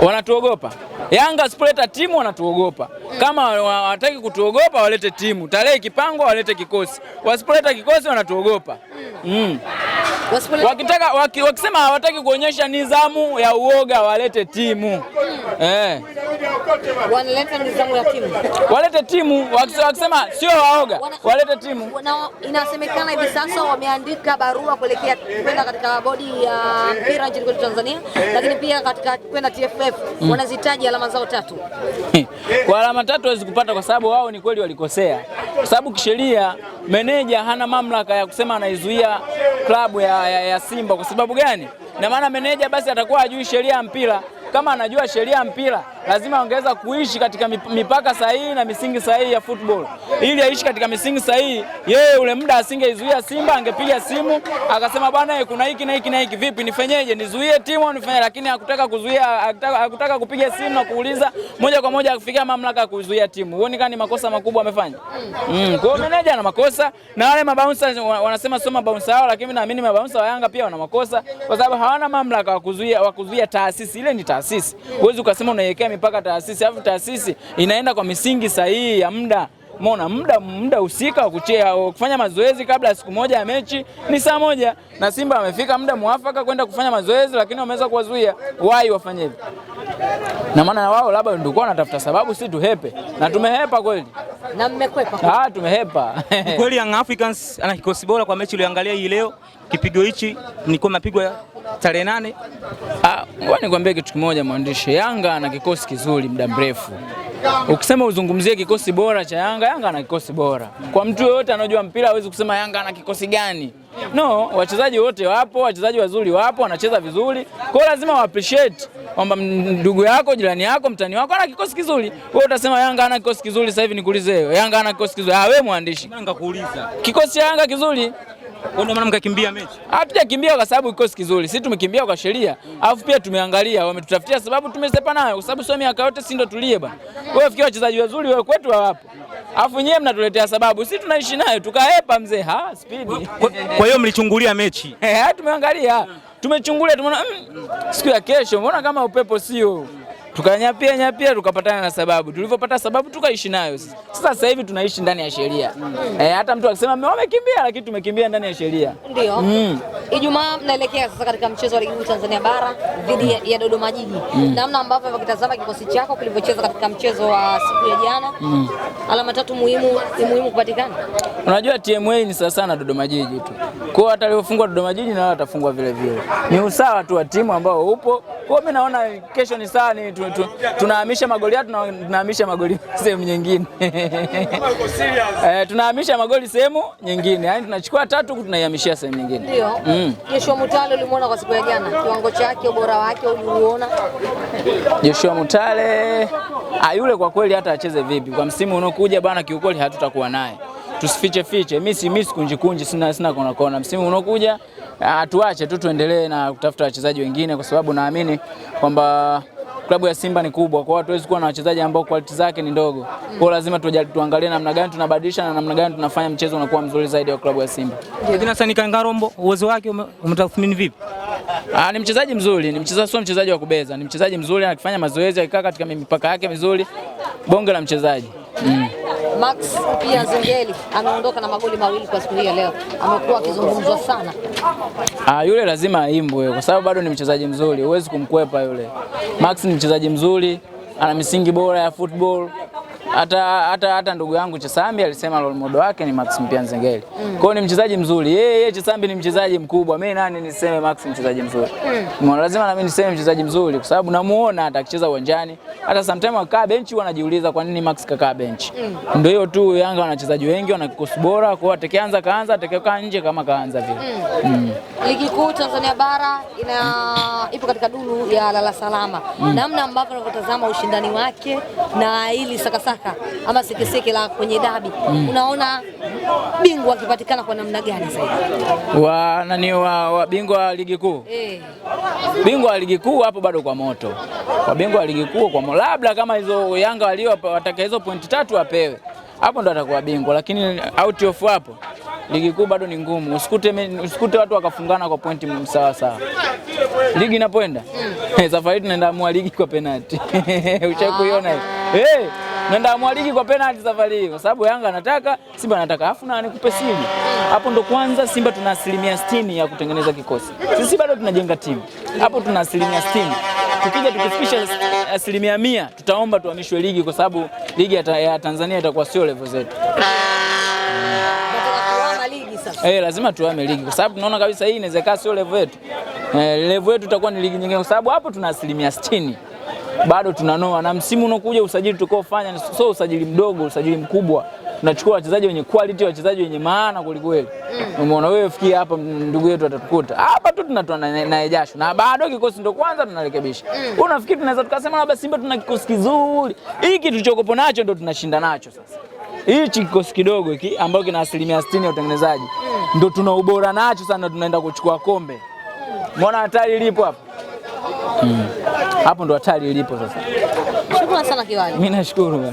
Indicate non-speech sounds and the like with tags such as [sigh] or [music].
wanatuogopa. Yanga asipoleta timu wanatuogopa. Kama hawataki kutuogopa, walete timu. Tarehe ikipangwa, walete kikosi. Wasipoleta kikosi, wanatuogopa mm. Wakitaka waki, wakisema hawataki kuonyesha nidhamu ya uoga, walete timu eh wanaleta ndugu ya timu, walete timu wakisema sio waoga, walete timu. Inasemekana hivi sasa wameandika barua kuelekea kwenda katika bodi ya mpira nchini kwetu Tanzania, lakini pia katika kwenda TFF mm. wanazitaji alama zao tatu [laughs] kwa alama tatu hawezi kupata, kwa sababu wao ni kweli walikosea, kwa sababu kisheria meneja hana mamlaka ya kusema anaizuia klabu ya, ya, ya Simba. Kwa sababu gani? Na maana meneja basi atakuwa ajui sheria ya mpira. Kama anajua sheria ya mpira lazima angeweza kuishi katika mipaka sahihi na misingi sahihi ya football. Ili aishi katika misingi sahihi, yeye ule muda asingeizuia Simba, angepiga simu akasema, bwana, eh, kuna hiki na hiki na hiki, vipi, nifanyeje? Nizuie timu nifanye? Lakini hakutaka kuzuia, hakutaka kupiga simu na kuuliza moja kwa moja, akifikia mamlaka kuzuia timu. Huoni kani makosa makubwa amefanya? Mm, kwa meneja ana makosa na wale mabouncer wanasema sio mabouncer hao, lakini naamini mabouncer wa Yanga pia wana makosa, kwa sababu hawana mamlaka wa kuzuia, wa kuzuia taasisi. Ile ni taasisi, huwezi ukasema unaiwekea jamii mpaka taasisi, alafu taasisi inaenda kwa misingi sahihi ya muda Mona muda muda husika wa kuchea kufanya mazoezi kabla ya siku moja ya mechi ni saa moja, na Simba wamefika muda mwafaka kwenda kufanya mazoezi, lakini wameweza kuwazuia wai wafanye hivi. na maana wao labda ndio kwa wanatafuta sababu, si tuhepe na tumehepa kweli na mmekwepa. Ah, tumehepa kweli. Young Africans ana kikosi bora kwa mechi uliangalia hii leo, kipigo hichi ni kwa mapigwa tarehe nane. Ah, nikwambie kitu kimoja mwandishi, Yanga ana kikosi kizuri muda mrefu. Ukisema uzungumzie kikosi bora cha Yanga, Yanga ana kikosi bora. Kwa mtu yoyote anajua mpira hawezi kusema Yanga ana kikosi gani. No, wachezaji wote wapo, wachezaji wazuri wapo, wanacheza vizuri. Kwa lazima wa appreciate kwamba ndugu yako, jirani yako, mtani wako ana kikosi kizuri. Wewe utasema Yanga ana kikosi kizuri sasa hivi nikuulize, Yanga ana kikosi kizuri? Ah, wewe mwandishi. Yanga kuuliza. Kikosi cha Yanga kizuri. Ndio maana mkakimbia mechi? Ah, kimbia kwa sababu kikosi kizuri, sisi tumekimbia kwa sheria, alafu pia tumeangalia, wametutafutia sababu, tumesepa nayo kwa sababu sio miaka yote, sisi ndio tulie bwana. Wewe fikiria wachezaji wazuri wewe kwetu hawapo, alafu nyewe mnatuletea sababu, sisi tunaishi nayo tukaepa mzee. Ha, speed. Kwa hiyo mlichungulia mechi? [laughs] Eh, tumeangalia, tumechungulia, tumeona mm, siku ya kesho, mbona kama upepo sio tukanyapia nyapia tukapatana na sababu, tulivyopata sababu tukaishi nayo. Sasa sasa hivi tunaishi ndani ya sheria mm. Eh, hata mtu akisema wamekimbia, lakini tumekimbia ndani ya sheria ndio mm. Ijumaa mnaelekea sasa katika mchezo wa ligi kuu Tanzania bara dhidi ya, ya Dodoma Jiji mm. Namna ambavyo ukitazama kikosi chako kilivyocheza katika mchezo wa siku ya jana mm. Alama tatu muhimu ni muhimu kupatikana. Unajua TMA ni sasa sana Dodoma Jiji tu, kwa hata aliofungwa Dodoma Jiji na wao watafungwa vile vile, ni usawa tu wa timu ambao upo kwa mimi naona kesho ni saa ni tunahamisha magoli yetu tunahamisha magoli [laughs] sehemu nyingine. Eh, tunahamisha magoli sehemu nyingine. Yaani tunachukua tatu tunaihamishia sehemu nyingine. Ndio. Mm. Joshua Mutale ulimuona kwa siku ya jana, kiwango chake, ubora wake uliuona? Joshua Mutale, ayule ah, kwa kweli hata acheze vipi kwa msimu unaokuja bwana, kiukweli hatutakuwa naye tusifiche fiche. Mimi si mimi sikunji kunji, sina sina kona kona. Msimu unokuja atuache ah, tu tuendelee na kutafuta wachezaji wengine, kwa sababu naamini kwamba klabu ya Simba ni kubwa, kwa hiyo hatuwezi kuwa na wachezaji ambao quality zake ni ndogo. Kwa hiyo lazima tuangalie namna gani tunabadilisha na namna gani tunafanya mchezo unakuwa mzuri zaidi wa klabu ya Simba. Jina Sani Kangarombo, uwezo wake umetathmini vipi? Ah, ni mchezaji mzuri, ni mchezaji, sio mchezaji wa kubeza, ni mchezaji mzuri, akifanya mazoezi, akikaa katika mipaka yake mizuri, bonge la mchezaji mm. Max pia Zengeli ameondoka na magoli mawili kwa siku hii ya leo, amekuwa akizungumzwa sana. Ah, yule lazima aimbwe kwa sababu bado ni mchezaji mzuri, huwezi kumkwepa yule. Max ni mchezaji mzuri, ana misingi bora ya football hata hata hata ndugu yangu Chisambi alisema role model wake ni Max Mpia Nzengeli. Mm. Kwa hiyo ni mchezaji mzuri. Yeye yeye Chisambi ni mchezaji mkubwa. Mimi nani niseme Max mchezaji mzuri? Mm. Lazima na mimi niseme mchezaji mzuri kwa sababu namuona hata akicheza uwanjani. Hata sometimes wakaa benchi wanajiuliza kwa nini Max kakaa benchi. Mm. Ndio hiyo tu Yanga wana wachezaji wengi wana kikosi bora, kwa hiyo atakianza kaanza, atakikaa nje kama kaanza vile. Mm. Mm. Ligi kuu Tanzania bara ina ipo katika duru ya lala salama. Mm. Namna ambavyo unavyotazama ushindani wake na hili sakasaka soka ama sekeseke la kwenye dabi mm. Unaona bingwa akipatikana kwa namna gani zaidi? Wa nani wa, wa bingwa wa ligi kuu eh. Bingwa wa ligi kuu hapo bado kwa moto, wabingwa wa ligi kuu kwa moto, labda kama hizo Yanga walio wataka hizo pointi tatu wapewe hapo ndo atakuwa bingwa, lakini out of hapo ligi kuu bado ni ngumu. Usikute, usikute watu wakafungana kwa pointi sawa sawa, ligi inapoenda mm. [laughs] Safari tunaenda amua ligi kwa penalti [laughs] ushakuiona hiyo? Ah. hey! Eh. Nenda mwaliki kwa penalti safari hii kwa sababu Yanga anataka, Simba anataka. Afu na nikupe siri. Hapo ndo kwanza Simba tuna asilimia 60 ya kutengeneza kikosi. Sisi bado tunajenga timu. Hapo tuna asilimia 60. Tukija tukifikisha asilimia mia tutaomba tuhamishwe ligi kwa sababu ligi ya Tanzania itakuwa sio level zetu. Eh, lazima tuame ligi kwa sababu tunaona kabisa hii inawezekana sio level yetu. Eh, level yetu itakuwa ni ligi nyingine kwa sababu hapo tuna asilimia 60 bado tunanoa, na msimu unaokuja usajili tukaofanya sio usajili mdogo, usajili mkubwa. Tunachukua wachezaji wenye quality, wachezaji wenye maana kwelikweli. Mm. Umeona wewe, fikia hapa, ndugu yetu atatukuta hapa tu, tunatoa naye jasho, na bado kikosi ndo kwanza tunarekebisha. Mm. Unafikiri tunaweza tukasema labda Simba tuna kikosi kizuri? Hiki tulichokopo nacho ndo tunashinda nacho sasa hichi kikosi kidogo hiki ambayo kina asilimia 60 ya utengenezaji mm. ndo tuna ubora nacho sana, tunaenda kuchukua kombe. Mbona hatari ilipo hapa? Hmm. hapo mm. Ndo hatari ilipo sasa. Shukrani sana Kiwani. Mimi nashukuru.